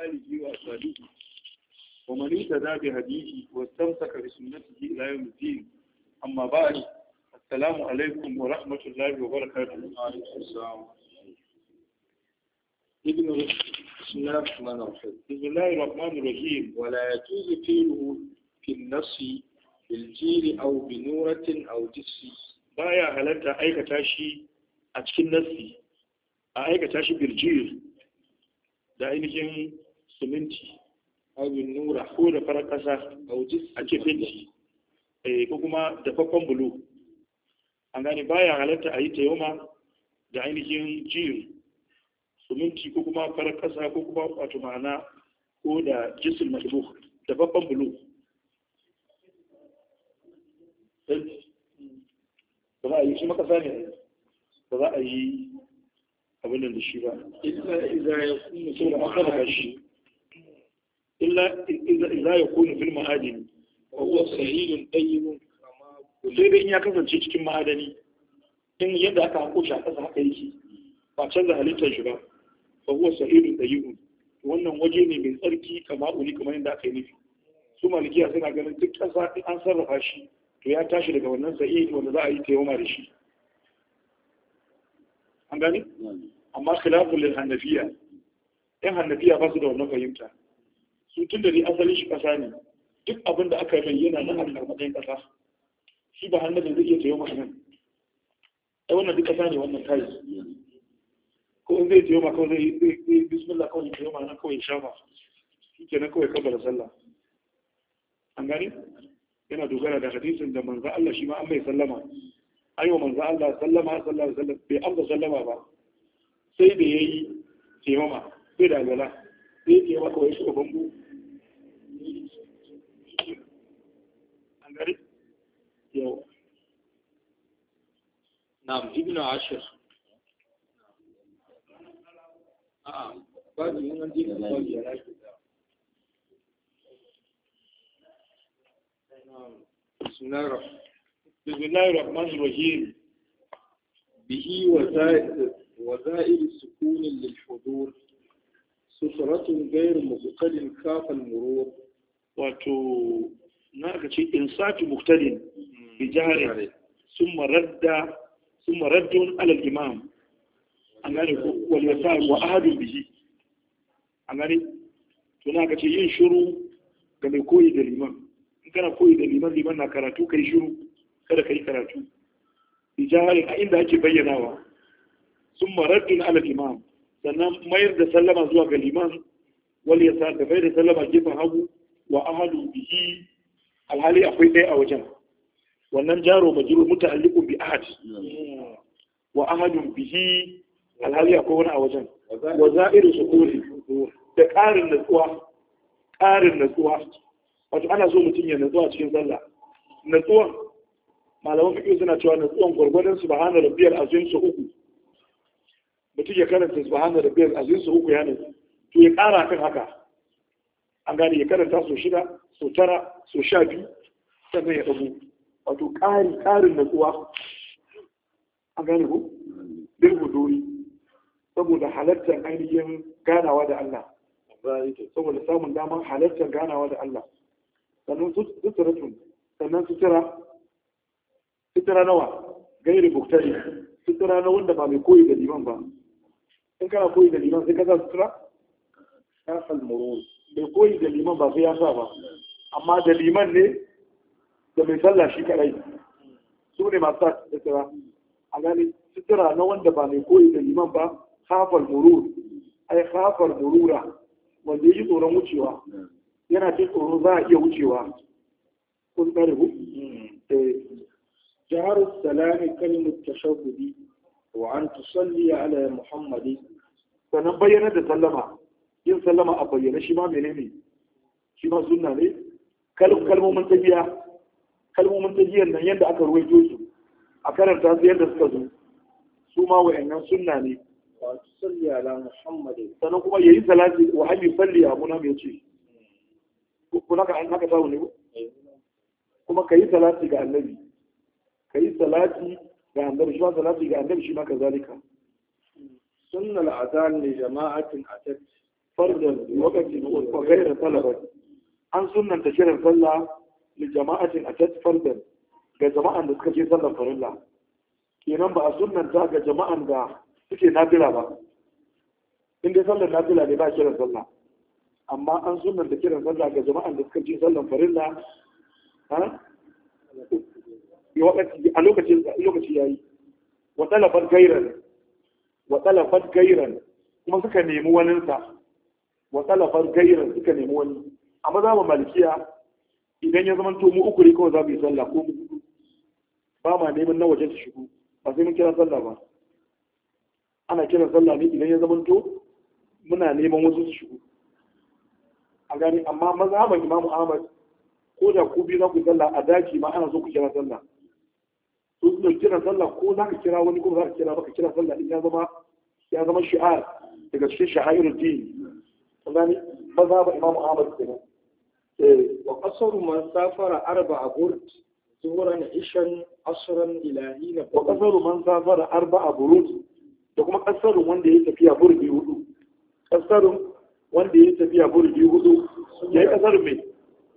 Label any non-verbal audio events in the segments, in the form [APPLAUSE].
arihi wa sadiki wa man yatada bi hadithi wa istamsaka bi sunnatihi ila yawm al-din amma ba'd assalamu alaykum wa rahmatullahi wa barakatuh wa alaykum assalam ibnu nasi biljiri aw binuratin aw jissi baya halatta aikata shi a cikin nasi a aikata shi biljiri da ainihin siminti abin nura ko da farar kasa a ke fenti eh, ko kuma dafaffen bulu an gani baya halatta a yi ta yoma da ainihin jiyun. siminti ko kuma farar kasa ko kuma wato ma'ana ko da jisul mashbu dafaffen bulu eh, ba za a yi shi makasa ne ba za a yi abin da shi ba. Ita iza ya kuma so da aka shi. illa ya kone fil ma'adin wa huwa sahihun tayyibun kama sai dai in ya kasance cikin ma'adani in yadda aka hako shi a kasa haka yake ba canza halittar shi ba fa huwa sahihun tayyibun wannan waje ne mai tsarki kama uli kamar yadda aka yi nufi su malikiya suna ganin duk ƙasa in an sarrafa shi to ya tashi daga wannan sahihin wanda za a yi taimama da shi an gani amma khilafun lil hanafiya yan hanafiya ba su da wannan fahimta su tun da ni asalin shi ƙasa ne duk abin da aka rai yana nan a matsayin ƙasa shi ba hannun da zai iya tayo maka nan ai wannan duk ƙasa ne wannan tayi ko in zai tayo maka kawai zai bismillah kawai ya tayo maka nan kawai ya shafa shi kenan kawai kabbala sallah an gani yana dogara da hadisin da manzo Allah shi ma an mai sallama ayo manzo Allah sallama sallallahu alaihi bai amsa sallama ba sai da yayi taimama sai da alwala. sai ya taimaka wai shi bango an gari نعم na'am ibn ashir a'a babu yin wanda yake babu ya lafi بسم الله الرحمن الرحيم به وزائد وزائر سكون للحضور سترة غير مثقل كاف المرور wato na aka ce insatu muktadin bi jahari sun maradda sun wani alal imam an gane ko wal yasar wa ahadun bihi an gane to na aka ce yin shiru ga mai koyi da liman in kana koyi da liman liman na karatu kai shiru kada kai karatu bi jahari a inda ake bayyanawa sun wani alal imam sannan mayar da sallama zuwa ga liman ya sa da mayar da sallama gefen hagu wa ahadun bihi alhali akwai ɗaya a wajen wannan jaro muta muta'alliqun bi ahad wa ahadun bihi alhali akwai wani a wajen wa za'iru sukuni da ƙarin natsuwa ƙarin natsuwa wato ana so mutum ya natsuwa cikin sallah natsuwan malaman fiƙi suna cewa natsuwan gwargwadon su subhana rabbiyal azim su uku mutum ya karanta subhana rabbiyal azim su uku ya natsu to ya ƙara kan haka an gane ya karanta so shida so tara so sha biyu sannan ya abu. wato ƙari ƙarin natsuwa an gane ku ɗin hudori saboda halartar ainihin ganawa da Allah saboda samun damar halartar ganawa da Allah sannan tun? sannan sutura sutura nawa gairi buktari sutura na wanda ba mai koyi da liman ba in kana koyi da liman sai ka sa sutura ya falmurori Mai koyi da liman ba sai ya sa ba amma da liman ne da mai sallah shi kaɗai. su ne masu sa sutura a gani sutura na wanda ba mai koyi da liman ba kafar durur ai kafar durura wanda yi tsoron wucewa yana ce tsoron za a iya wucewa kun tsare ku eh. jihar salami kalmar tashahudi wa an tusalli ala muhammadi sannan bayyana da sallama yin sallama a bayyana shi ma menene shi ma sunna ne kalmomin tafiya kalmomin tafiyan nan yadda aka ruwaito su a karanta su yadda suka zo su ma wa'annan sunna ne wa salli ala muhammadin sannan kuma yayi salati wa hayyu salli abu muna mai ce kuna ka an haka tawo ne eh. kuma ka yi salati ga annabi ka yi salati ga annabi shi ma salati ga annabi shi ma kazalika sunnal azan li jama'atin atat fardan wakati wa ghayra talabar an sunnanta kiran sallah li a atat fardan ga jama'an da suka je sallar farilla kenan ba a sunanta ga jama'an da suke nafila ba in dai sallar nafila ne ba kiran sallah amma an sunanta kiran sallah ga jama'an da suka je sallar farilla a lokacin ya yayi wa talabar ghayran kuma suka nemi waninsa wa talafar gairan suka nemi wani amma za mu malikiya idan ya zama mu uku ne kawai za mu yi sallah ko mu ba ma neman na wajen shigo ba sai mun kira sallah ba ana kira sallah ne idan ya zama to muna neman wasu su shigo a gani amma mazhaban imamu ahmad ko da ku biyu za ku sallah a daji ma ana so ku kira sallah to su kira sallah ko za ka kira wani ko za ka kira ba ka kira sallah in ya zama ya zama shi'ar daga cikin shahairul din maza ba Imam Ahmad kenan eh wa qasaru man safara arba'a burd zuhuran ishan asran ilahina wa qasaru man safara arba'a burud da kuma kasarun wanda ya tafiya burdi hudu kasarun wanda ya tafiya burdi hudu yayi kasarun me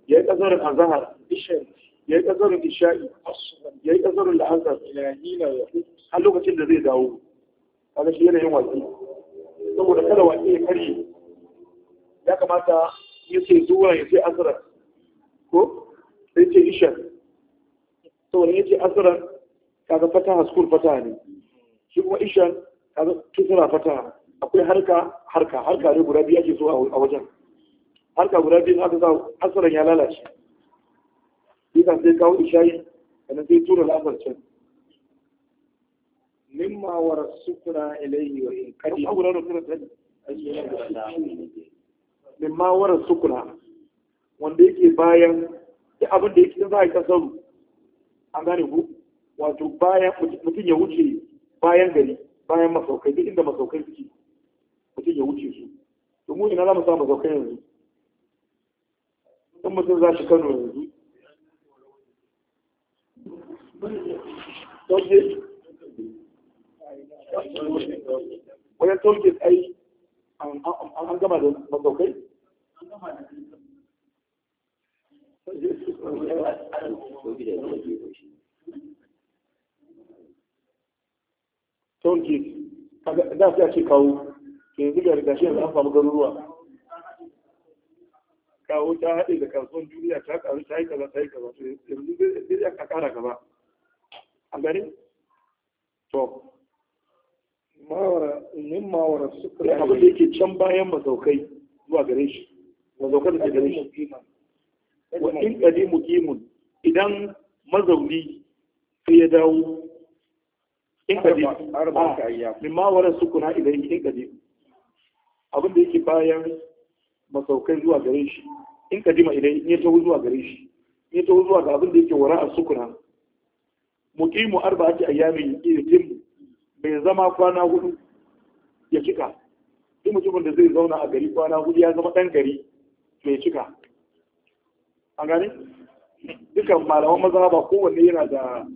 yayi kasarun azhar ishan ya yi kasarun isha'i ya yi yayi kasarun al'azhar ilahina har lokacin da zai dawo kaga shi yana yin watsi saboda kada watsi ya karye ya kamata ya ce zuwa ya ce asirar ko sai ce ishar saboda ya ce asirar kaga fataha haskul fata ne shi kuma ishar kaga kisra fataha akwai harka harka harka ne guda biyu ake so a wajen harka guda biyu aka sa asirar ya lalace kan sai kawo ishayin sannan sai tura lafar can mimma warasukuna ilayhi wa in kadi abu da rukuna tani mimma warar sukuna wanda yake bayan da abin da yake za a yi kasaru an gane ku wato bayan mutum ya wuce bayan gari bayan masaukai duk inda masaukai suke mutum ya wuce su to mu ina za mu sa masaukai yanzu in mutum za shi kano yanzu wajen tolgate ai an gama da masaukai Tonki, da su ya ce kawo, ke zuga da shi yanzu an samu garuruwa. Kawo ta haɗe da kasuwan duniya ta ƙaru ta yi kaza ta yi kaza, yanzu zai ya ƙara kaza. a gari? To, mawara, yin mawara sukari. abu da yake can bayan masaukai zuwa gare shi. wa zaukar da gare shi wa in idan mazauni sai ya dawo in kadi ah, mimma wara sukuna idan in kadi abin da yake bayan masaukai zuwa gare shi in ma idan in ya taho zuwa gare shi in ya taho zuwa ga abin da yake wara a sukuna muqimu arba'ati ayyamin yutim bai zama kwana hudu ya cika duk mutumin da zai zauna a gari kwana hudu ya zama dan gari mai cika an gani? dukan malaman ba kowanne yana da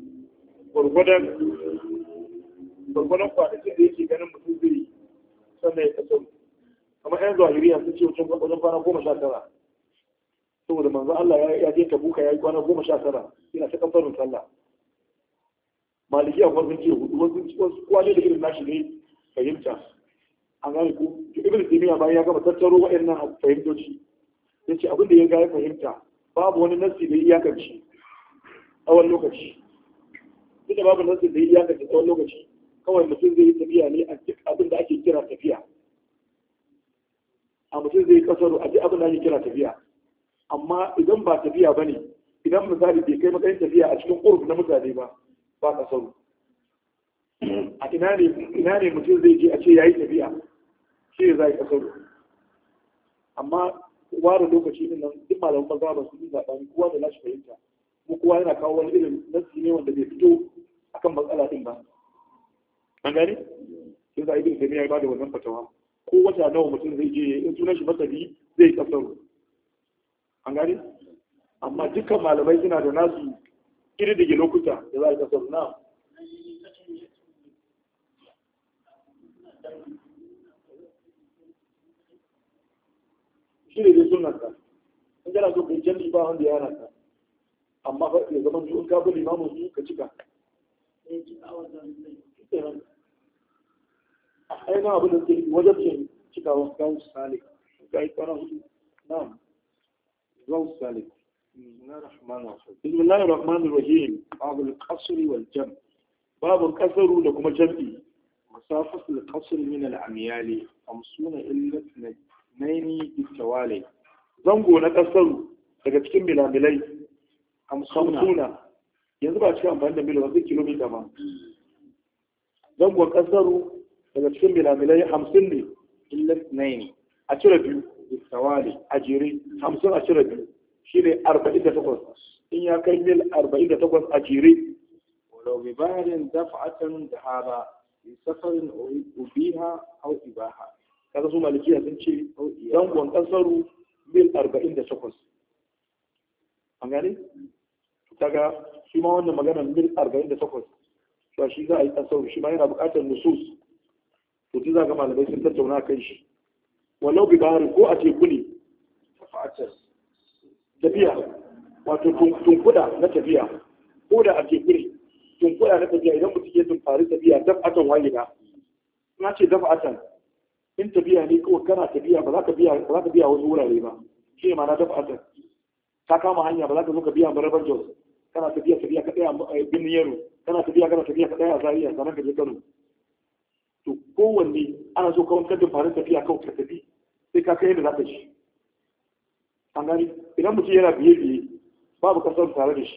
gwargwadon gwargwadon kwanakin da yake ganin mutum zai sannan ya kasar kamar yan zahiriya sun ce wajen wajen kwana goma sha tara saboda manzo Allah ya je tabuka ya yi kwana goma sha tara yana ta kamfanin sallah maliki a kwanzun ce hudu wasu kwane da irin nashi ne fahimta an gani ku ibn timiya bayan ya gama tattaro waɗannan fahimtoci ya ce abinda ya ga ya fahimta babu wani nasi da iyakanci wani lokaci duk babu nasi da iyakanci tsawon lokaci kawai mutum zai yi tafiya ne a duk abin da ake kira tafiya a mutum zai kasaro a duk abin da ake kira tafiya amma idan ba tafiya ba ne idan misali bai kai matsayin tafiya a cikin ƙurfi na mutane ba ba kasaro a ina ne mutum zai je a ce ya yi tafiya shi zai kasaro amma ware lokaci din nan duk malamin maza ba su yi ni kowa da lashe fahimta ko kowa yana kawo wani irin nasi ne wanda bai fito akan matsala ɗin ba an gani sai za a yi bin ya ba da wannan fatawa ko wata nawa mutum zai je in sunan shi masabi zai kasaro an gani amma dukkan malamai suna da nasu kirdige lokuta da za a yi kasaro na shi ne dai sunan ka in kana so kai jami'i ba wanda ya hana ka amma fa ya zama in ka bi limamin su ka cika a ainihin abin da ke wajabcin cikawa gawu salik ga yi kwanan hudu na'am gawu salik بسم الله الرحمن الرحيم باب القصر والجمع باب القصر لكم جمعي مسافة القصر من العميال خمسون إلا اثنين naini istawale zango na kasaru daga cikin milamilai hamsuna yanzu ba cikin amfani da milo zai kilomita ba zangon kasaru daga cikin milamilai hamsin ne illas naini a cire biyu istawale a jere hamsin a cire biyu shi ne arba'in da takwas in ya kai mil arba'in da takwas a jere walau bi bayanin dafa'atan da haba bi safarin ubiha au ibaha kaga su malikiya sun ce zangon kasaru mil arba'in da takwas an gane kaga shi ma wannan magana mil arba'in da takwas to shi za a yi kasaru shi ma yana buƙatar nusus to tun za ga malamai sun tattauna kan shi walau bi bahari ko a teku ne tafiya wato tunkuda na tafiya ko da a teku ne tunkuda na tafiya idan mutum ya tunfari tafiya daf'atan wahida na ce daf'atan in tafiya ne kawai kana tafiya ba za ka biya ba za ka biya wasu wurare ba shi ne ma'ana dafa asar ka kama hanya ba za ka zo ka biya marabar jos kana tafiya tafiya ka a birnin yaro kana tafiya kana tafiya ka tsaya a zariya sannan ka je kano to kowanne ana so kawai kadin farin tafiya kawai ka tafi sai ka kai yadda za ka ci an gani idan mutum yana biye biye babu kasar tare da shi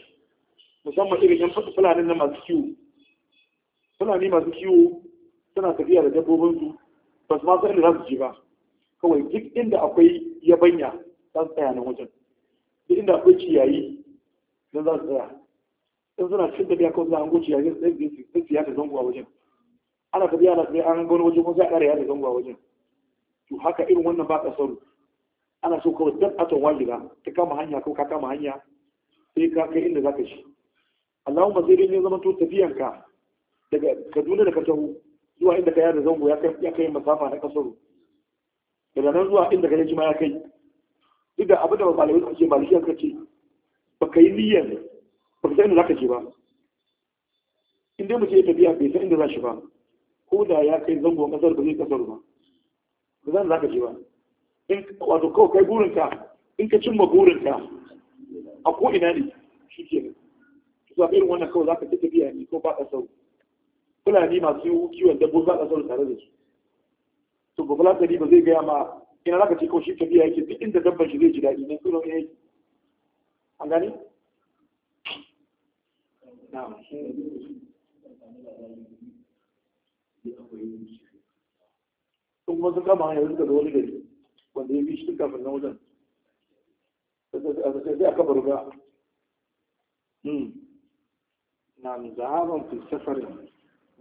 musamman irin yan fulani na masu kiwo fulani masu kiwo suna tafiya da dabbobinsu ba su ma san inda za su je ba kawai duk inda akwai yabanya za su tsaya nan wajen duk inda akwai ciyayi nan za su tsaya in suna cikin tafiya kawai za a hango ciyayi sai su sai su yada zango a wajen ana tafiya na tafiya an hango wani kuma sai a ƙara yada zango a wajen to haka irin wannan ba ka sauri ana so kawai a aton wajen ka kama hanya ko ka kama hanya sai ka kai inda za ka shi Allahumma zai bin ne zama to tafiyanka daga Kaduna da ka taho zuwa inda ka yada zango ya kai masafa na kasaro daga nan zuwa inda ka yaji ma ya kai duk da abin da ba malamai suka ce maliki suka ce ba ka yi niyyar ba ka san inda za ka je ba inda dai ya tafiya bai san inda za shi ba ko da ya kai zango kasar ba zai kasar ba ba zan za ka je ba in wato kawai kai burinka in ka cimma burinka a ko ina ne shi ke nan. Zuwa irin wannan kawai za ka tafiya ne ko ba ka sauri. fulani masu kiwon dabbobi ba zaune tare da su to ba fulani ba zai gaya ma ina za ka ce kawai shi tafiya yake duk inda dabban shi zai ji daɗi ne sunan ya yi an gane? sun kuma sun kama hanyar da wani gari wanda ya bi shi kafin na wajen sai a kafa ruga hmm. na zahaban fi safarin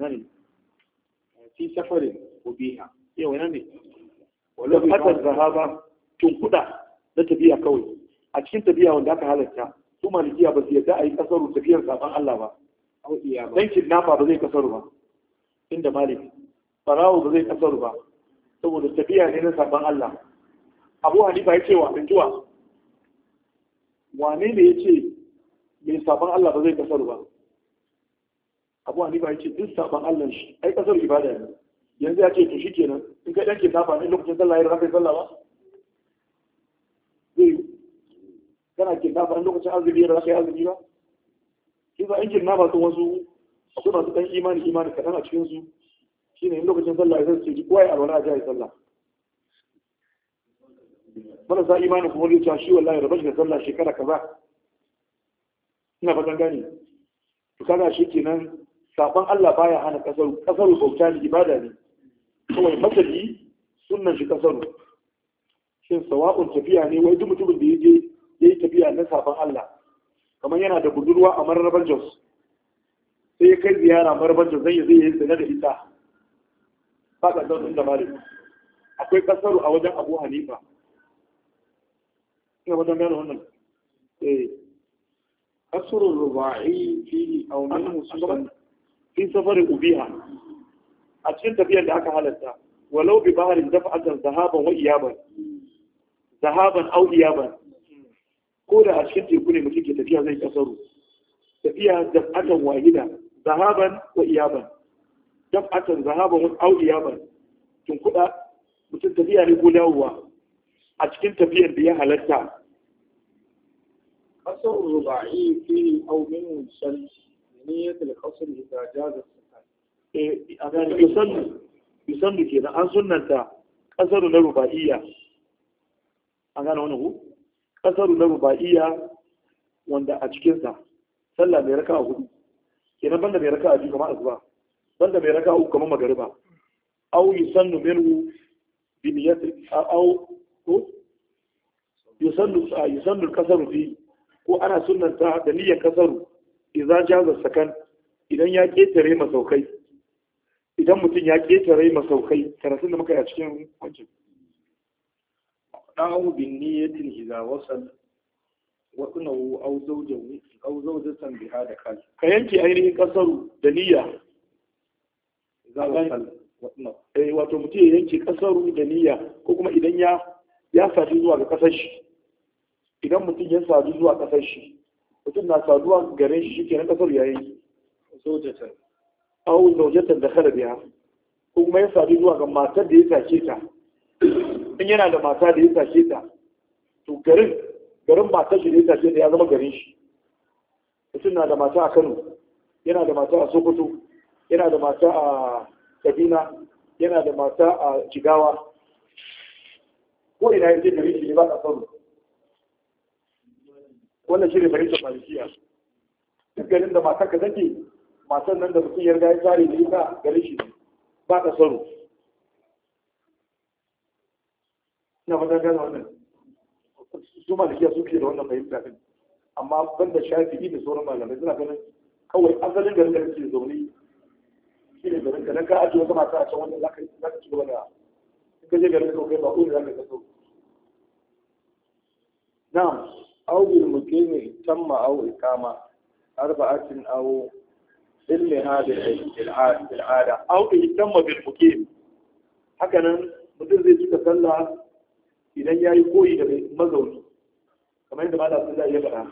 nan eh, fi safarin ubiha yau yana ne wala fatar zahaba tun kuda na tafiya kawai a cikin tafiya wanda aka halarta su malikiya ba su yadda a yi kasaru tafiyar zaben Allah ba dan kidnapper ba zai kasaru ba inda Malik. farawo ba zai kasaru ba saboda tafiya ne na zaben Allah abu hanifa ya ce wa in juwa wane ne ya ce mai sabon Allah ba zai kasaru ba abu hanifa ya ce duk saban allah shi ai kasar ibada ne yanzu ya ce to shi kenan in ka ɗanke safa ne lokacin sallah ya rasa sallah ba zai kana ke safa ne lokacin azumi ya rasa azumi ba shi ba in kirna ba sun wasu akwai masu ɗan imani imani kaɗan a cikinsu shi ne in lokacin sallah ya zai ce kowa ya alwala a jihar sallah marasa imanin kuma zai cewa shi wallahi rabar da sallah shekara kaza ina fatan gane to kaga shi kenan saban Allah baya hana kasaru kasaru bauta ne ibada ne kawai matabi sunnan shi kasaru shin sawa'un tafiya ne wai duk mutumin da yaje yayi tafiya na saban Allah kamar yana da budurwa a marabar Jos sai ya kai ziyara marabar Jos zai zai yi sanar da ita ba ka zaune da malik akwai kasaru a wajen Abu Hanifa ina wajen gano wannan eh kasaru ruba'i fi au min musulman in safarin ubiha a cikin tafiyar da aka halarta walau bi baharin dafa'atan zahaban wa iyaban zahaban au iyaban ko da a cikin teku ne mutum ke tafiya zai kasaru tafiya dafa'atan wahida zahaban wa iyaban dafa'atan zahaban au iyaban tun kuɗa mutum tafiya ne ko dawowa a cikin tafiyar da ya halarta kasar ruba'i fi au min musalli نية القصر إذا جاز السكن يصلي يصلي كده عن سنة قصر الرباعية أنا هنا هو قصر الرباعية wanda a cikinsa sallah mai raka hudu kenan banda mai raka biyu kamar asuba banda mai raka uku kamar magariba aw yusannu minhu bi niyyati aw ko yusannu yusannu kasaru fi ana sunanta da niyyar kasaru idza jaza sakan idan ya ketare masaukai idan mutum ya ketare masaukai karatun da muka yi a cikin wancan da'u bin niyyatin idza wasal wa kunahu aw zawjahu aw zawjatan biha da kal ka yanke ainihin kasaru da niyya idza wasal eh wato mutum ya yanke kasaru da niyya ko kuma idan ya ya sadu zuwa ga kasar shi idan mutum ya sadu zuwa kasar shi mutum na saduwa gare shi shi na kasar yayin zaujatan au zaujatan da kala biya ko kuma ya sadu zuwa ga matar da ya tashe ta in yana da mata da ya tashe ta to garin garin matar shi da ya tashe ta ya zama garin shi mutum na da mata a Kano yana da mata a Sokoto yana da mata a Kaduna yana da mata a Jigawa ko ina yake garin shi ne ba a Kano wannan shi ne fahimtar malikiya duk garin da matar ka take matar nan da mutum yarda ya tsari da ita garin shi ba ta tsaro. ina fata gane wannan su malikiya su ke da wannan fahimta din amma ban da shafi'i da sauran malamai suna ganin kawai asalin garin da ke zaune shi ne garin ka dan ka ajiye wata mata a can wanda za ka ci gaba da in ka je garin ka kai ba ko ne za ka ka sau na'am أو بالمقيم تم أو إقامة أربعة أو إلا هذه العادة أو تم بالمقيم hakanan mutum zai cika sallah idan ya yi koyi da mazauni kamar yadda mala sun ya faɗa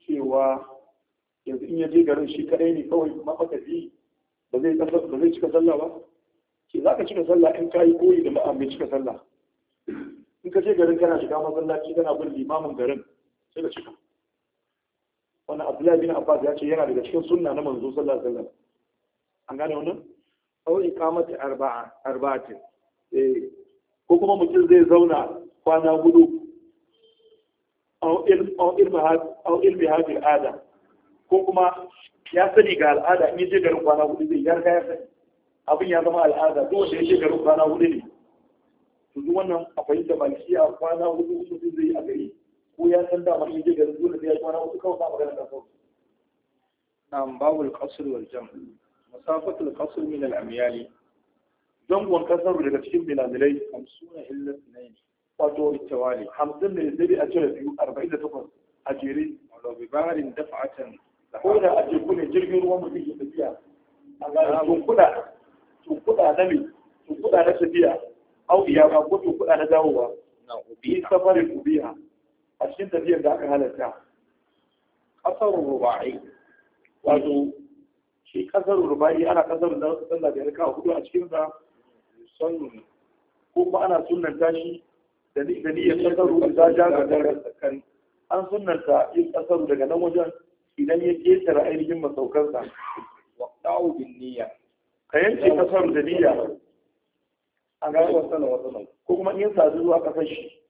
cewa yanzu in yaje garin shi kaɗai ne kawai mafakaci ba zai ba zai cika sallah ba ke za ka cika sallah in ka yi koyi da ma'a mai cika sallah in ka je garin kana shiga masallaci kana bin limamin garin sai ka cika wannan abdullahi bin abbas ya ce yana daga cikin sunna na manzo sallallahu alaihi wasallam an gane wannan aw iqamati arba'a arba'atin eh ko kuma mutum zai zauna kwana gudu aw ilm aw ilm had aw ilm had al'ada ko kuma ya sani ga al'ada in je garin kwana gudu zai yarda ya sani abin ya zama al'ada duk wanda ya je garin kwana gudu ne to duk wannan a fahimta malikiya kwana gudu mutum zai yi a gari ko ya san dama in je garin dole sai ya kwana wasu kawai ba magana da sauki na'am babul qasr wal jam masafatul qasr min al amyali zangon kasar daga cikin bilamilai hamsuna illa sunaini wato ittawali hamsin ne zai bi a cire biyu arba'in da takwas a jere wato bi baharin dafa'atan ko da a teku ne jirgin ruwan mutum ke tafiya a ga tunkuda tunkuda na me tunkuda na tafiya au ba ko tunkuda na dawowa na ubi safarin ubiya a cikin tafiyar da aka halatta kasar ruba'i wato shi kasar ruba'i ana kasar da wasu sallah da kawo hudu a cikin sa son kuma ana sunanta shi da niyyar kasar ruba'i ja ga daren tsakani an sunanta yin kasar daga nan wajen idan ya ketare ainihin masaukansa wa ta'u bin niyya ka yanke kasar da niyya a ga wasu sallah wasu ko kuma in sa zuwa kasar shi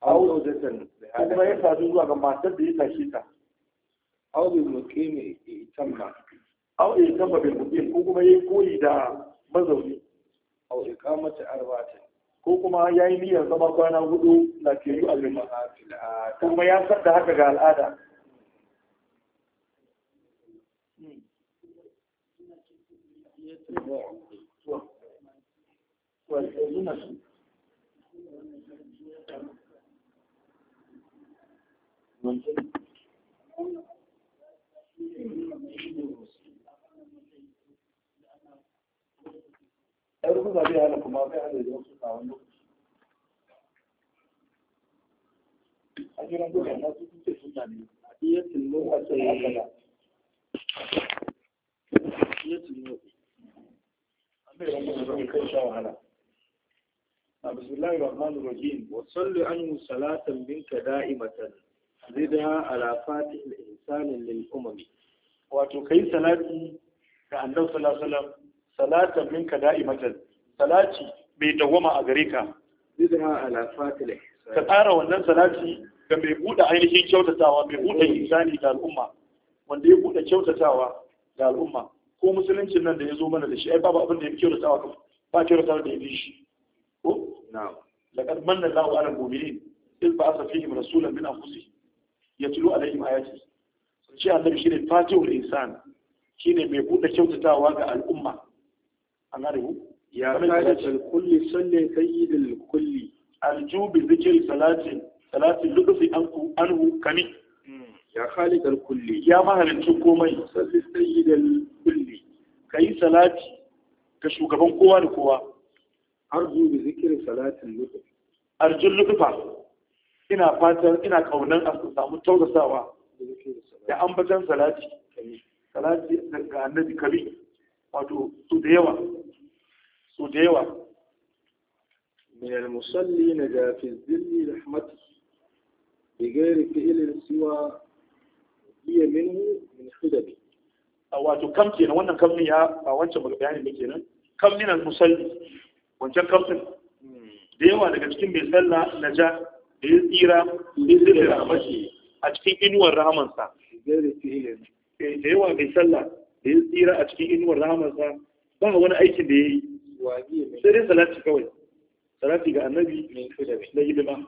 kuma ya sadu zuwa ga matar da ya tashi ta aw bi muqimi itamma aw itamma bil muke, ko kuma yayi koyi da mazauni aw iqamati arba'atin ko kuma ya yi niyyar zama kwana hudu na ke yi azumi kuma ya san da haka ga al'ada Well, بسم الله الرحمن الرحيم وصلوا عنه صلاة منك دائمة zida ala al insani lil umami wato kai salati ga annabi sallallahu alaihi wasallam salatan minka da'imatan salati mai dawama a gare ka zida ala fatih ka tsara wannan salati ga mai buɗe ainihin kyautatawa mai buɗe insani ga al'umma wanda ya buɗe kyautatawa ga al'umma ko musuluncin nan da ya zo mana da shi ai babu abin da ya fi kyautatawa ka ba kyautatawa da ya fi shi ko na'am laqad manna Allahu 'ala al-mu'minin إذ بعث فيهم رسولا من أنفسهم Ya tulo alaihim ayati sun ce annabi shine fatihul insan shine mai buɗe kyautatawa ga al'umma an gane ku ya salatul kulli salli sayyidul kulli aljubi zikri salatin salatin ludufi anku anhu kami hmm. ya khaliqal kulli ya mahalincin komai salli sayyidul kulli kai salati ga shugaban kowa da kowa arju bi zikri salatin ludufi arjun ludufa ina fatan ina kaunan a samu tausasawa da an ambatan salati salati ga annabi kabi wato su da yawa su da yawa min al-musalli na jafi zilli rahmatu bi gairi fi'ilin siwa iya minhu min khidabi wato kam kenan wannan kam ne ya ba wancan ba bayanin da kenan kam min al-musalli wancan kam din hmm. da yawa daga cikin mai sallah naja da ya tsira izinin rahmashi a cikin inuwar rahamansa da yawa mai sallah da ya tsira a cikin inuwar rahamansa ba wani aikin da ya yi sai dai salati kawai salati ga annabi na hidima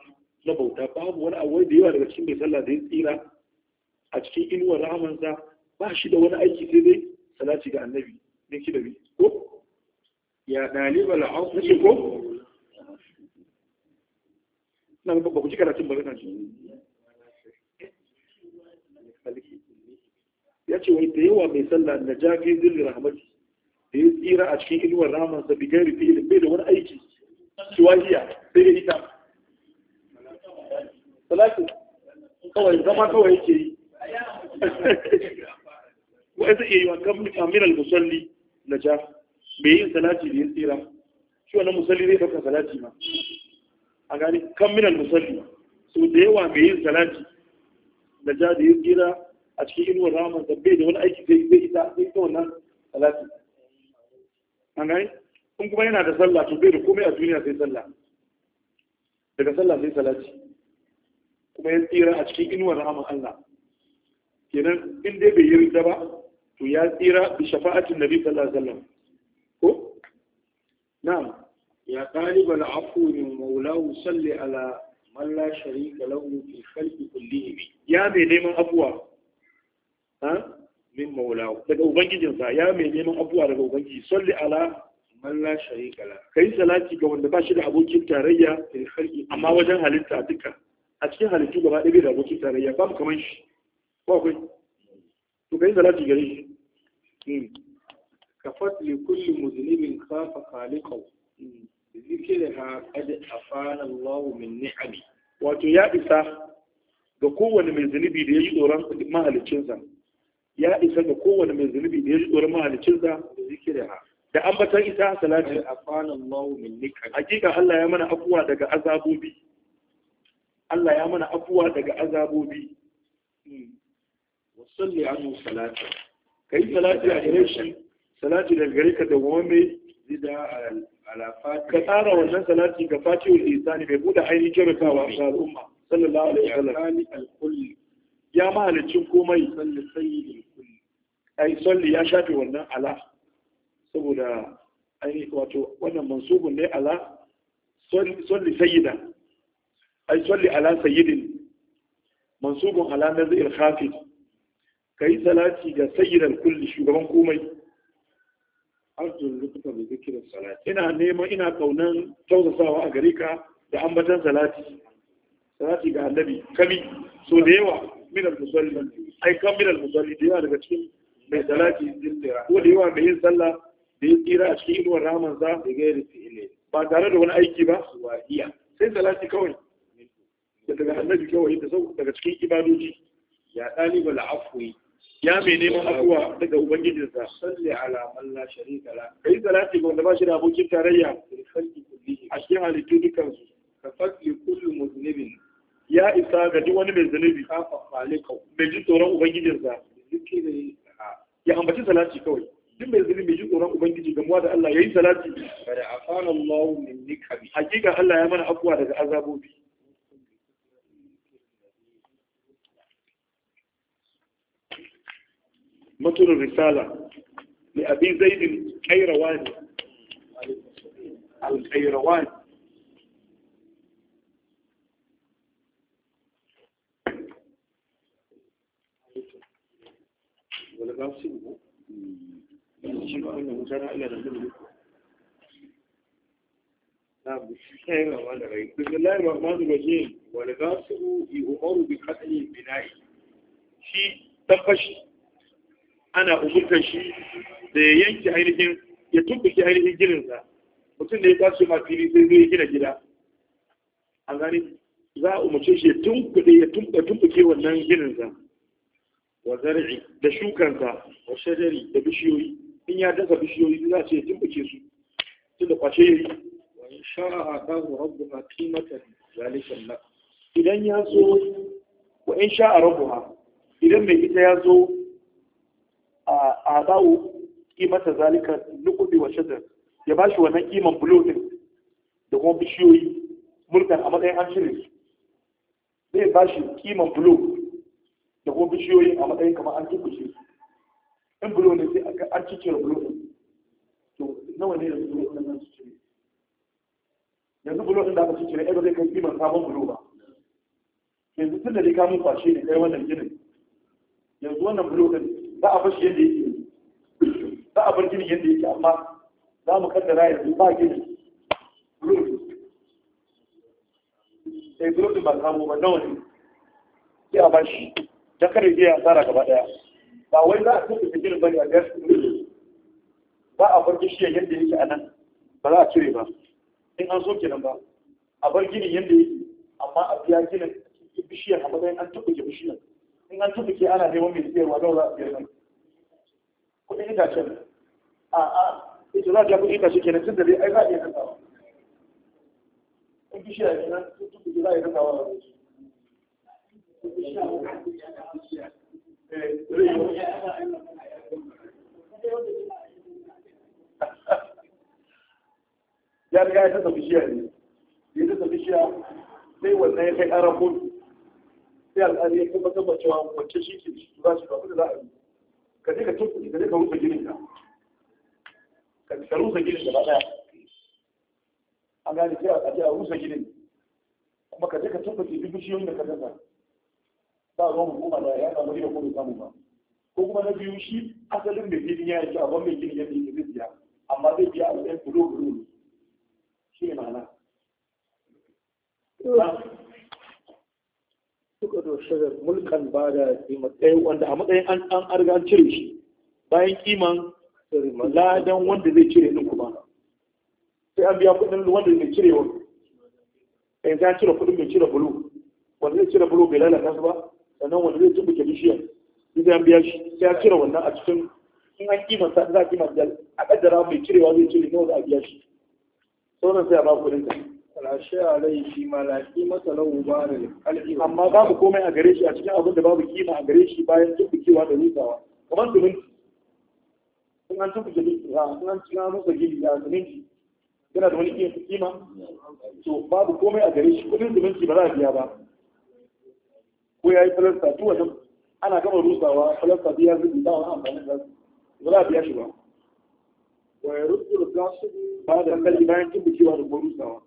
na bauta babu wani abu da yawa daga cikin mai sallah da ya tsira a cikin inuwar rahamansa ba shi da wani aiki sai dai salati ga annabi na hidima ko ya dalibar al'asu ko na ba ku ji karatun ba kana ji ya ce wai da yawa mai sallah na jafi zilli rahmati da ya tsira a cikin inuwar raman sa bigar fi'ilin bai da wani aiki wahiya sai da ita salatu kawai zama kawai yake yi wai zai iya yi wa kamilar musalli na jafi mai yin salati da ya tsira shi wannan musalli zai ɗauka salati ma a gani kan minan musalli su da yawa mai yin salati da ja da yin jira a cikin inuwar ramar da bai da wani aiki zai zai ita zai ita wannan salati A gani in kuma yana da sallah to bai da komai a duniya sai sallah daga sallah sai salati kuma ya tsira a cikin inuwar ramar Allah kenan in dai bai yi rida ba to ya tsira bi shafa'atin nabi sallallahu alaihi wasallam ko na'am يا طالب العفو من مولاه صل على من لا شريك له في الخلق كلهم يا مي neman abuwa ha min maulahu daga ubangijinsa ya mai neman abuwa daga ubangiji salli ala man la sharika la kai salati ga wanda ba shi da abokin tarayya fil khalqi amma wajen halitta duka a cikin halittu gaba ɗaya bai da abokin tarayya babu kaman shi ba kai to kai salati gare shi kafat li kulli muzlimin khafa khaliqahu zikirha qad afana Allah min ni'ami wato ya isa ga kowanne mai zunubi da ya ji mahalicin sa ya isa ga kowanne mai zunubi da ya ji tsoron mahalicinsa da zikirha da ambatan ita salati afana Allah min ni'ami hakika Allah ya mana afuwa daga azabobi Allah ya mana afuwa daga azabobi hmm. wa salli anhu salati kai salati a gare shi salati da gare ka da wame ka tsara wannan salati ga fatihul mai buɗe ainihin jarrakawa ga al'umma sallallahu alaihi ya mahalicci komai salli kulli ai salli ya shafe wannan ala kai salati ga sayyidul kulli shugaban komai arjun lukuta bi zikirin salati ina neman ina kaunan tausasawa a gare ka da ambatan salati salati ga annabi kami so da yawa min al ai kan min al da yawa daga cikin mai salati ko da yawa mai yin sallah da ya tsira a cikin inuwar raman sa da gairi fi'ile ba tare da wani aiki ba wahiya sai salati kawai daga annabi kawai daga cikin ibadoji ya ɗaliba la'afwi ya mai neman afuwa daga ubangijinsa salli ala man la sharika la kai salati ga wanda ba shi da abokin tarayya a cikin halittu dukan su ka fadli kullu muznibin ya isa ga duk wani mai zunubi kafa falikau ji tsoron ubangijinsa ya ambaci salati kawai duk mai zunubi mai ji tsoron ubangiji gamuwa da Allah yayi salati kada afana Allah min nikami hakika Allah ya mana afuwa daga azabobi متن الرسالة لأبي زيد القيرواني القيرواني ولا باسمه أنه جرى كيروان النبي بسم الله الرحمن الرحيم والغاصب يؤمر بقتل البناء شيء تقشي ana umurtar shi da ya yanke ainihin ya tumbuki ainihin gininsa mutum da ya tashi ma fili sai zai gina gida a gani za a umarci shi ya tumbuki ya tumbuke wannan gininsa wa zar'i da shukansa wa shajari da bishiyoyi in ya dasa bishiyoyi za a ce ya tumbuke su da kwace yi. wa in sha'a atahu rabbuha qimatan zalika na idan ya zo wa in sha'a rabbuha idan mai ita ya zo a dawo kimata zalika nukubi wa shadar ya ba shi wannan kiman bulo da kuma bishiyoyi mulkan a matsayin an cire su zai ba shi kiman bulo da kuma bishiyoyi a matsayin kamar an tukushe su in bulo ne sai an cicire bulo to nawa ne yanzu bulo din nan su cire yanzu bulo din da aka cicire ai ba zai kai kiman sabon bulo ba yanzu tun da dai kamun kwashe ne kai wannan ginin yanzu wannan bulo din za a fashe yadda yake za a bar gini yadda yake amma za mu kaddara yanzu ba gini rudu sai eh, rudu ba samu ba nawa ne sai a bashi don kada ya tsara gaba daya ba wai za a tuka ginin bane a biyar ba a bar gishiyar yadda yake a nan ba za a cire ba in an so kenan ba a bar gini yadda yake amma a biya ginin bishiyar a matsayin an tuɓuke bishiyar in an tuɓuke ana neman mai siyarwa don za a biyar nan kuɗin itacen a a ita za ta kuɗi ka shi kenan tun da dai ai za a iya kasawa in bishiya ne nan tun da za a iya kasawa a eh, wasu [LAUGHS] ya riga ya tasa bishiya ne ya tasa bishiya sai wannan ya kai ƙarar kotu sai al'adu ya kuma tabbacewa wacce shi ke za shi ba da za a yi ka je ka tun kuɗi ka je ka rufe gininka ka rusa ginin gaba daya an gane sai a ji a rusa ginin kuma ka je ka tabbace duk bishiyoyin da ka dasa ba ruwan hukuma da ya samu gida ko bai samu ba ko kuma na biyu shi asalin mai gini ya yi a ban mai gini ya yi zai biya amma zai biya a wajen bulo bulo shi ne ma'ana suka doshe da mulkan ba da matsayin wanda a matsayin an an arga an cire shi bayan kiman ladan wanda zai cire ɗin ba sai an biya kuɗin wanda zai cire wa eh, in za cire kuɗin mai cire bulu wanda zai cire bulu bai lalata su ba sannan wanda zai tumbuke bishiyar sai an biya shi sai an cire wannan a cikin in an kimanta za a kimanta a ƙaddara mai cirewa zai cire nawa za a biya shi sauran sai a ba kuɗin ka rashe a rai shi ma la kimata lahu ba da amma babu komai a gare shi a cikin abin da babu kima a gare shi bayan tumbukewa da rusawa kamar suminti in an tuka gidi in an tuka rusa gidi a zumunci yana da wani iya kima to babu komai a gare shi kudin zumunci ba za a biya ba ko ya yi falasta tu wajen ana gama rusawa falasta biya zubi ba wani amfani da ba za a biya shi ba Wai ya gasu ba da kalli bayan tumbukewa da kuma rusawa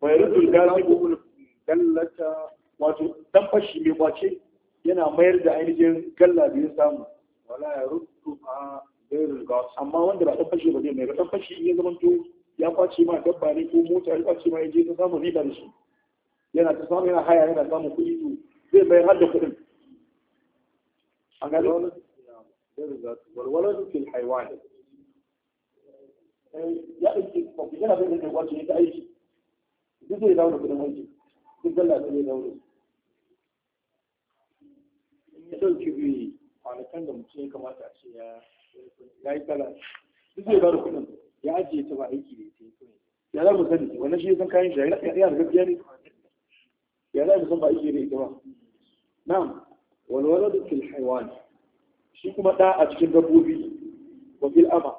wa ya rusu da gasu gallata wato dan fashi mai kwace yana mayar da ainihin galla da ya samu wala ya rusu A, ga amma wanda ba ɗan fashi ba ne mai ɗan fashi ya zama to ya kwace ma dabba ne ko mota ya kwace ma ya je ta samu riba da shi yana ta samu yana haya yana samun kuɗi to zai bayar har da kuɗin an gani walwalar fil haiwan eh, ya ɗauki kwafi yana bai da kwace ya ta aiki duk zai dawo da kuɗin aiki duk zalla zai dawo da ya ɗauki kwanakan da mutum ya kamata a ce ya yi kala duk zai bada kuɗin ya ajiye ta ba aiki da ita ya za mu sani wannan shi san kayan shi ya da gaskiya ne ya za mu san ba aiki da ita ba na'am walwala da fil haiwan shi kuma da a cikin dabbobi wa fil ama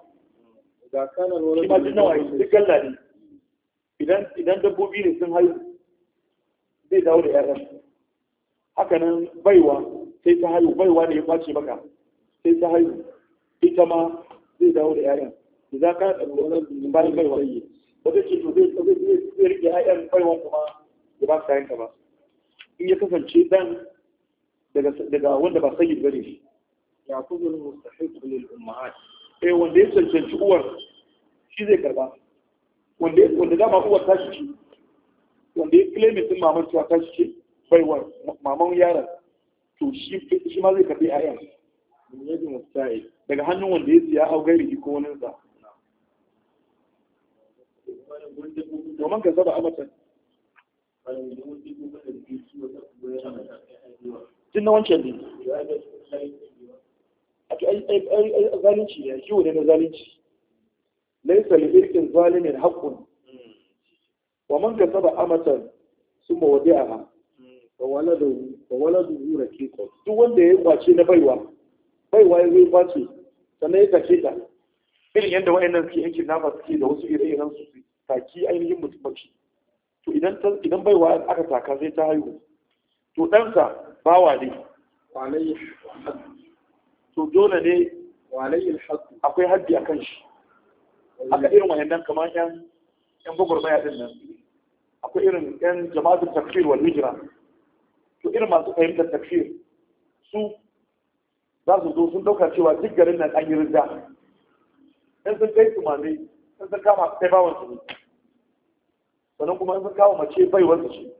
da kana walwala shi ma duk duk galla ne idan idan dabbobi ne sun haihu zai dawo da yaran haka nan baiwa sai ta haihu baiwa ne ya kwace maka sai ta haihu ita ma zai dawo da yayan da za ka yi, bayan baiwa wata ce to zai rike yayan baiwan kuma ya ba ka yanka ba in ya kasance dan daga wanda ba sayyid bane shi ya kuma mustahiq lil ummahat eh wanda ya cancanci uwar shi zai karba wanda wanda dama uwar ta shi wanda ya claim din mamar cewa, ta shi ce baiwar maman yaron to shi ma zai karɓi ayan min yadin daga hannun wanda ya siya au gairi ko wani sa domin ka saba amatan tun na wancan ne Ake zalunci ne kiwo ne na zalunci laisa li irkin zalimin haqqun wa man kasaba amatan summa wadi'aha waladu rake ko duk wanda ya kwace na baiwa baiwa ya zai kwace sannan ya kace ta irin yadda wayannan suke yankin ba suke da wasu ire-iren su taki ainihin mutum to idan idan baiwa aka taka zai ta haihu to ɗansa bawa ne alayhi to dole ne alayhi akwai haddi a kan shi aka irin wayannan kamar yan yan gwagwarmaya din nan akwai irin yan jama'atul takfir wal hijra to irin masu fahimtar tafiya su za su zo sun dauka cewa duk garin nan an yi rinda in sun kai tumane in sun kama kai bawan su ne sannan kuma in sun kawo mace baiwar ce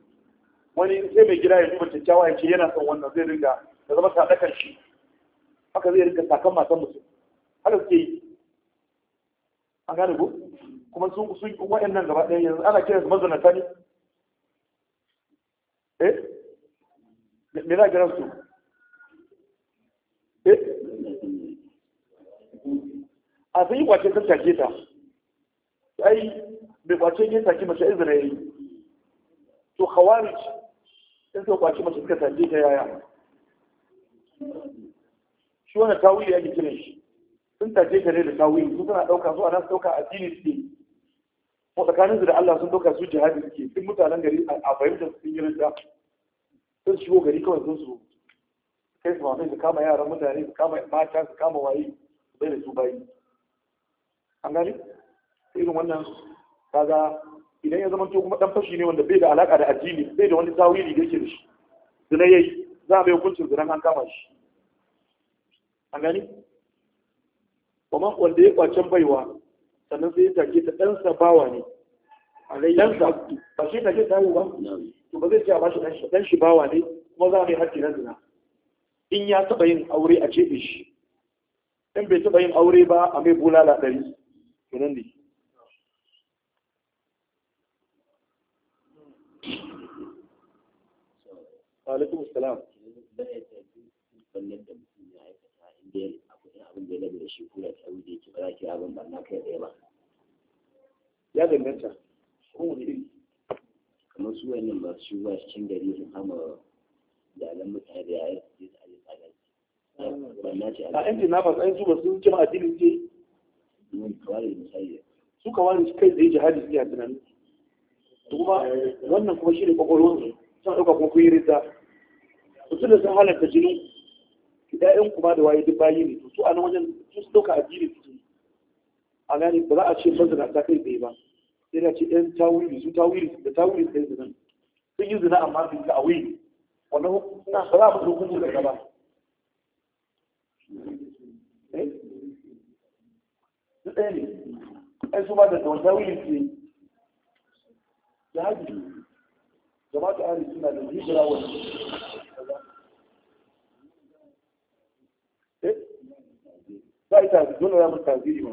wani sai mai gida ya zuba kyakkyawa ya ce yana son wannan zai ringa da zama sadakar shi haka zai ringa sakan matan mutum haka suke yi an gane ko kuma sun sun wa'annan gaba ɗaya yanzu ana kiran su mazanata ne eh me za ga ransu eh? a sun yi kwace sun take ta ai mai kwace yin take mace izina yi to es in suka kwace mace suka take ta yaya shi wannan tawili ake kiran shi sun tafiye ta ne da tawili su suna ɗauka su a nan ɗauka su ne. ko tsakaninsu da Allah sun ɗauka su jihadi suke sun mutanen gari a fahimtar sun yi rinta sun shigo gari kawai sun su kai su mamai su kama yaran mutane su kama mata su kama waye su bai da su bayi an gani irin wannan kaga idan ya zama to kuma dan fashi ne wanda bai da alaka da addini bai da wani tawili da yake da shi zina yayi za a bai hukuncin zinan an kama shi an gani kuma wanda ya kwacen baiwa sannan sai ya take ta ɗansa bawa ne A ɗansa ba shi take ta yi ba ba zai ce a bashi dan shi bawa ne kuma za a yi haƙƙi na zina in ya taɓa yin aure a cebe shi in bai taɓa yin aure ba a mai bulala ɗari kenan ne alaikum salam ya danganta kowane iri kamar su wayannan masu shigowa cikin gari su kama iyalan mutane da yayin su je su aje a yan jina ba su ba sun jima addinin ce su kawai kai tsaye jihadi suke a tunanin kuma wannan kuma shi ne kwakwalwar su sun ɗauka kuma kun yi rinta mutum da sun halarta jini ɗayan kuma da waye duk bayi ne to su a nan wajen su ɗauka addinin su a gani ba za a ce mazana ta kai tsaye ba sai da ce ɗan tawili su tawili da tawili sai zina sun yi zina amma sun ta'awili wannan ba za mu mutu hukunci da ba su eh? ɗaya ne ai su ma da wani tawili su yi da haji ta ari suna da hijira wani eh? za a yi taziri dole ya mutu taziri ma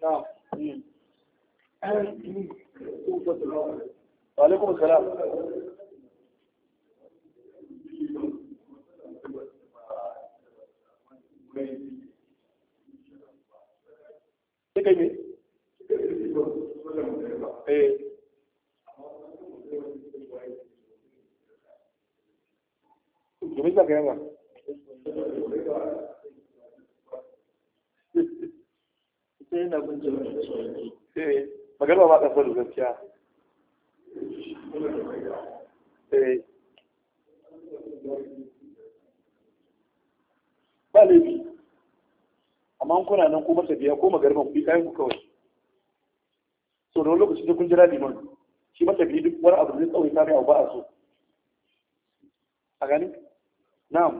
na وعليكم السلام Thank you. gaskiya eh. ba laifi amma kuna nan ko matafiya ko magarba ku bi kayan ku kawai so da wani lokaci da kun jira liman shi matafiya duk wani abu zai tsawai ta mai abu ba a so a gani na'am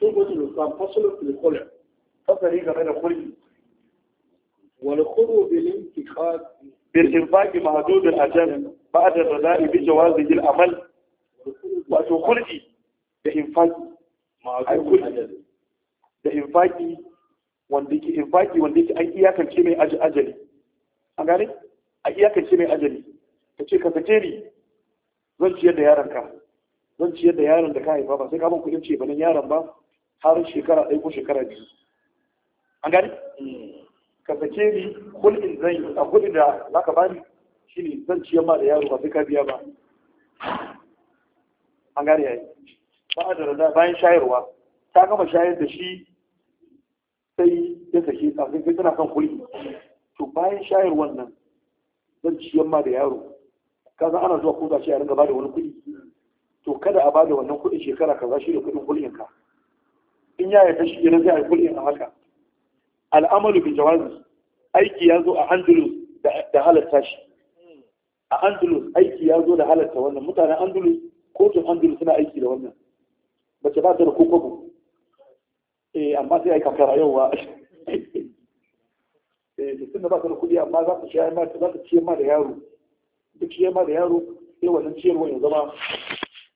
sai ko su lusa fasulun filikola fasari game da kulki والخروج بالانتقاد بالإنفاق محدود الأجل بعد الرضاء بجوازه الأمل wato kulki da infaki ai kulki da infaki wanda ke infaki wanda ke an iyakance mai ajali an gane a iyakance mai ajali ka ce ka sake ni zan ciyar da yaron ka zan ciyar da yaron da ka haifa ba sai ka ban kuɗin ce ba nan yaron ba har shekara ɗaya ko shekara biyu an gane ka sake ni hulɗin zan yi a kuɗin da za ka bani shi ne zan ciye ma da yaro ba sai ka biya ba an gane yayi ba da rada bayan shayarwa ta gama shayar da shi sai ya sake ta sai tana kan hulɗi to bayan shayarwan nan zan ciye ma da yaro ka san ana zuwa ko za shi a ringa ba da wani kuɗi to kada a ba da wannan kuɗin shekara kaza shi da kuɗin kul'inka. in ya yarda shi ne zai a yi a haka al'amalu bi jawazi aiki ya zo a andalus da halatta shi a andalus aiki ya zo da halatta wannan mutanen andalus kotun andalus suna aiki da wannan mace ba ta da kokobo eh amma sai ai kakara yawa [LAUGHS] eh mutum da ba ta da kuɗi amma za ta ciyar ma za ta ciyar ma da yaro duk ciyar ma da yaro sai wannan ciyarwa ya zama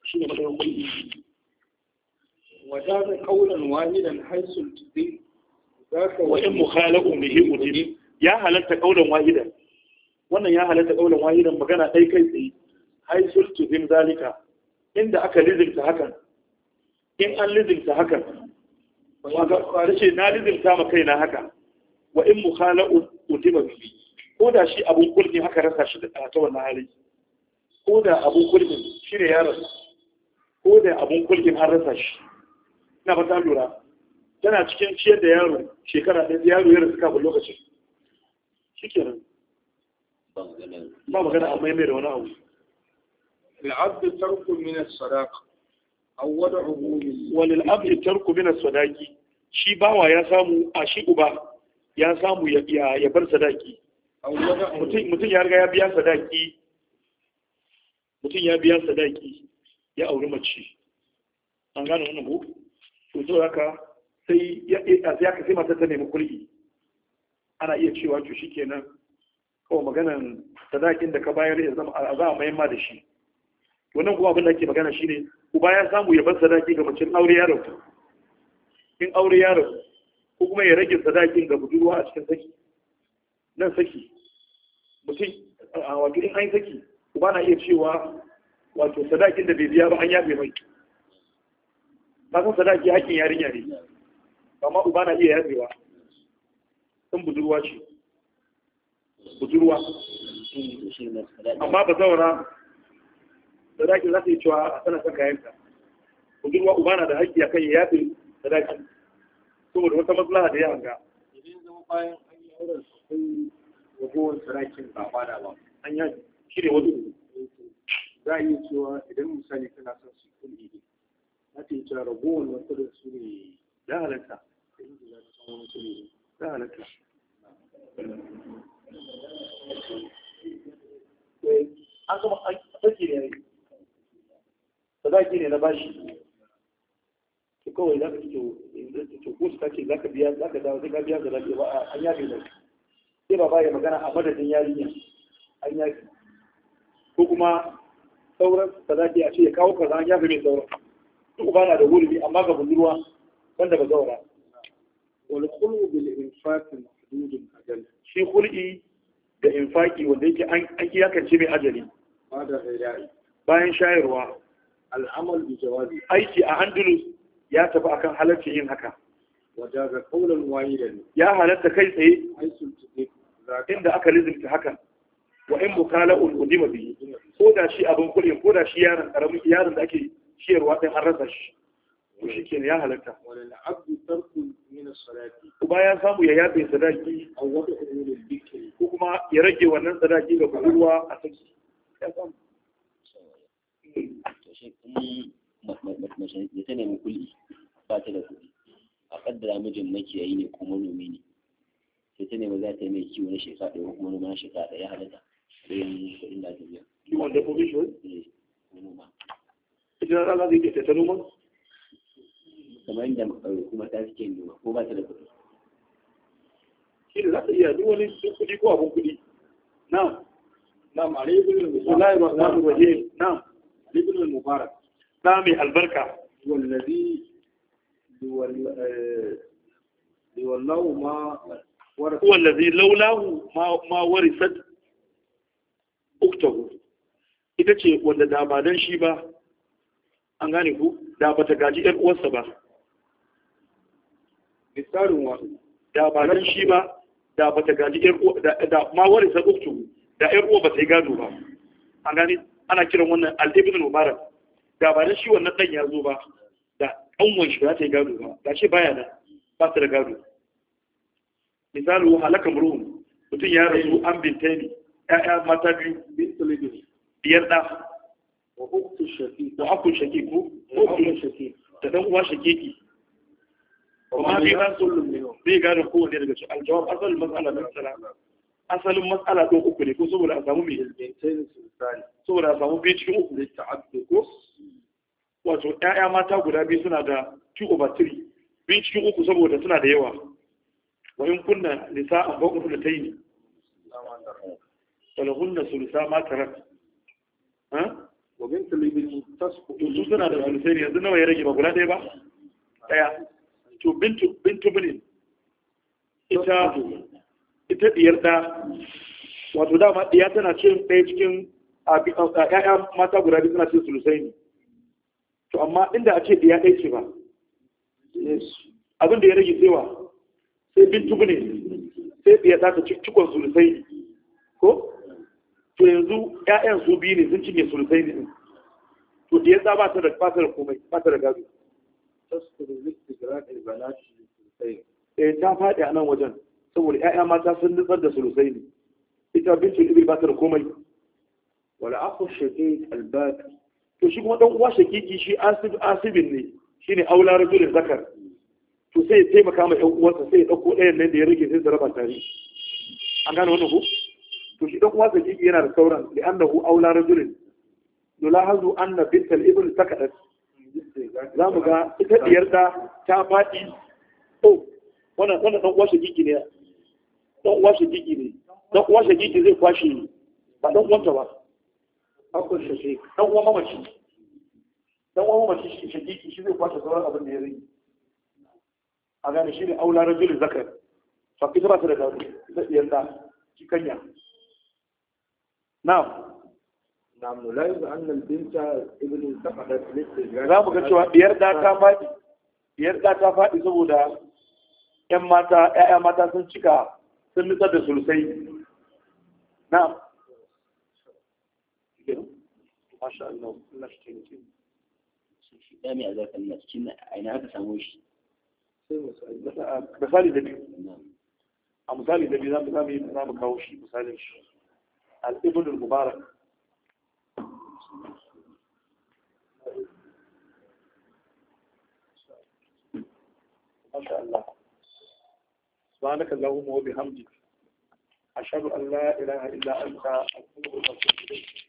shi ne matsayin kuɗi wajen kaulan wahidan haisul tuzi wa in mukhalaqun bihi ya halatta qaulan wahidan wannan ya halatta qaulan wahidan magana dai kai tsaye hay sultu bin zalika inda aka lizinta hakan in an lizinta hakan ta ce na lizinta ma kaina haka wa in mukhalaqun udib bihi ko da shi abun kulkin haka rasa shi da ta wannan hali ko da abun kulkin ne ya rasa ko da abun kulkin har rasa shi ina ba lura tana cikin ciyar da yaro shekara ɗaya yaro ya rasu kafin lokacin nan ba magana a mai da wani abu العبد ترك من الصداقة أو ودعه وللعبد ترك من الصداقة شي باوا يا سامو أشي أبا يا سامو يا يا بر صداقة أو ودعه متين متين يا رجع يا بيا يا بيا يا an gane to haka sai ya kasi mata ta nemi kulki ana iya cewa to shi kenan kawai maganan sadakin da ka bayar ya zama a za mayan ma da shi wannan kuma abin da ake magana shine uba ya samu ya bar sadaki ga mace aure ya rabu in aure ya rabu ko kuma ya rage sadakin ga budurwa a cikin saki nan saki mutum wato in an saki uba na iya cewa wato sadakin da bai biya ba an yafe mai ba san sadaki hakin yarinya ne amma uba na iya yatsewa sun budurwa ce budurwa amma ba zaura sadaki za su yi cewa a sanar son kayanta budurwa uba na da haƙƙi a kan ya yafe sadaki saboda wata maslaha da ya hanga idan zama bayan an yi auren akwai ragowar ba ba an yi za a iya cewa idan misali tana son su kulli ne za ta yi cewa ragowar wasu da su ne da halatta za halatta an gama sake ne yayi na bashi to kawai za ka ce to ko su kace za ka biya za ka dawo sai ka biya sadaki ba a an yafe ne sai ba ba ya magana a madadin yarinya an yafe ko kuma sauran za sadaki a ce ya kawo kaza an yafe mai sauran duk ba na da wuri amma ga budurwa wanda ba zaura wal khulu bil infaq mahdudun ajal shi khul'i da infaki wanda yake an iyakance mai ajali bayan shayarwa al'amal bi jawabi aiki a andalus ya tafi akan halarci yin haka wajaza qawlan wahidan ya halatta kai tsaye inda aka lizinta hakan wa in mukala ulqudima bihi ko da shi abin kuɗi ko yaron da ake ciyarwa din an rasa shi to shikenan ya Bayan samu ya yafe sadaki ko kuma ya rage wannan sadaki ga budurwa a saki ya samu ba ta da kuli a kaddara mijin makiyayi ne ko manomi ne sai ta nemi za ta yi mai kiwo na shekara ɗaya kuma noma na shekara ɗaya halatta ɗayan kuɗin da ta biya kiwon shi eh, noma zai ke ta noma kamar yadda eh, kuma ta suke noma ko ba ta da kuɗi shi da za ka iya duk wani kuɗi ko abin kuɗi Na na'am alaikun bismillahir rahmanir Na na'am alaikun mubarak Na mai albarka wallazi eh, wallahu ma warasa wallazi laulahu ma warisat uktahu ita ce wanda da ba dan shi ba an gane ku da ba ta gaji ɗan uwarsa ba misalin wa da ba dan shi ba da bata gaji yar da ma wani sa uktu da yar uwa bata yi gado ba an gani ana kiran wannan al-ibn mubarak da ba shi wannan dan ya zo ba da kanwan shi ba ta yi gado ba da shi baya da ba ta da gado misalu halaka murhum mutum ya rasu an bintani ƴaƴa mata biyu biyar da wa uktu shaqiq wa ko uktu shaqiq da dan uwa shaqiqi kuma bi ba zai gane kowane daga cikin asalin matsala na asalin ɗin uku ne ko saboda a samu mai saboda a samu cikin uku da ta abdu ko wato ɗaya mata guda biyu suna da two over three biyu cikin uku saboda suna da yawa wa kunna nisa an bakun su da ta yi ne falahunna sulusa ma tarat wa bin talibi suna da ne yanzu nawa ya rage ba guda ɗaya ba ɗaya to bintu bintu binin ita ita diyar da wato dama diya tana cin ɗaya cikin ƴaƴa mata guda biyu tana cin sulusai ne to amma inda a ce diya ɗaya ce ba abin da ya rage tsewa sai bintu binin sai diya ta ta cikon sulusai ne ko to yanzu ƴaƴan su biyu ne sun cinye sulusai ne to diya da ba ta da komai ba ta da gado eh ta faɗi a nan wajen saboda 'ya'ya mata sun nutsar da sulusai ne ita bincin ibil ba ta da komai wala aku shaqiq albab to shi kuma dan uwa shaqiqi shi asib asibin ne shine aula rajulin zakar to sai ya taimaka ƴan uwansa sai ya dauko ɗayan nan da ya rage sai su raba tare an gane wannan ko to shi dan uwa shaqiqi yana da sauran li annahu aula rajulin yulahazu anna bint al-ibn sakadat za mu ga ita diyar ta ta faɗi to wannan wannan dan uwa ne dan uwa shagigi ne dan uwa shagigi zai kwashe ba dan ba akwai shagigi dan uwa mamaci dan uwa mamaci shagigi shi zai kwashe sauran abin da ya rage a gane shi ne aula rajulin zakar fa ita ba ta da yarda cikanya na'am binta za mu ga cewa diyar da ta faɗi diyar da ta faɗi saboda yan mata ƴaƴa mata sun cika sun nutsa da sulusai cikin aina aka samu shi misali da biyu a misali da biyu za mu kawo shi misalin shi al ibnul mubarak Masha Allah. Subhanaka Allahumma wa bihamdika. أشهد أن لا إله إلا أنت أستغفرك وأتوب إليك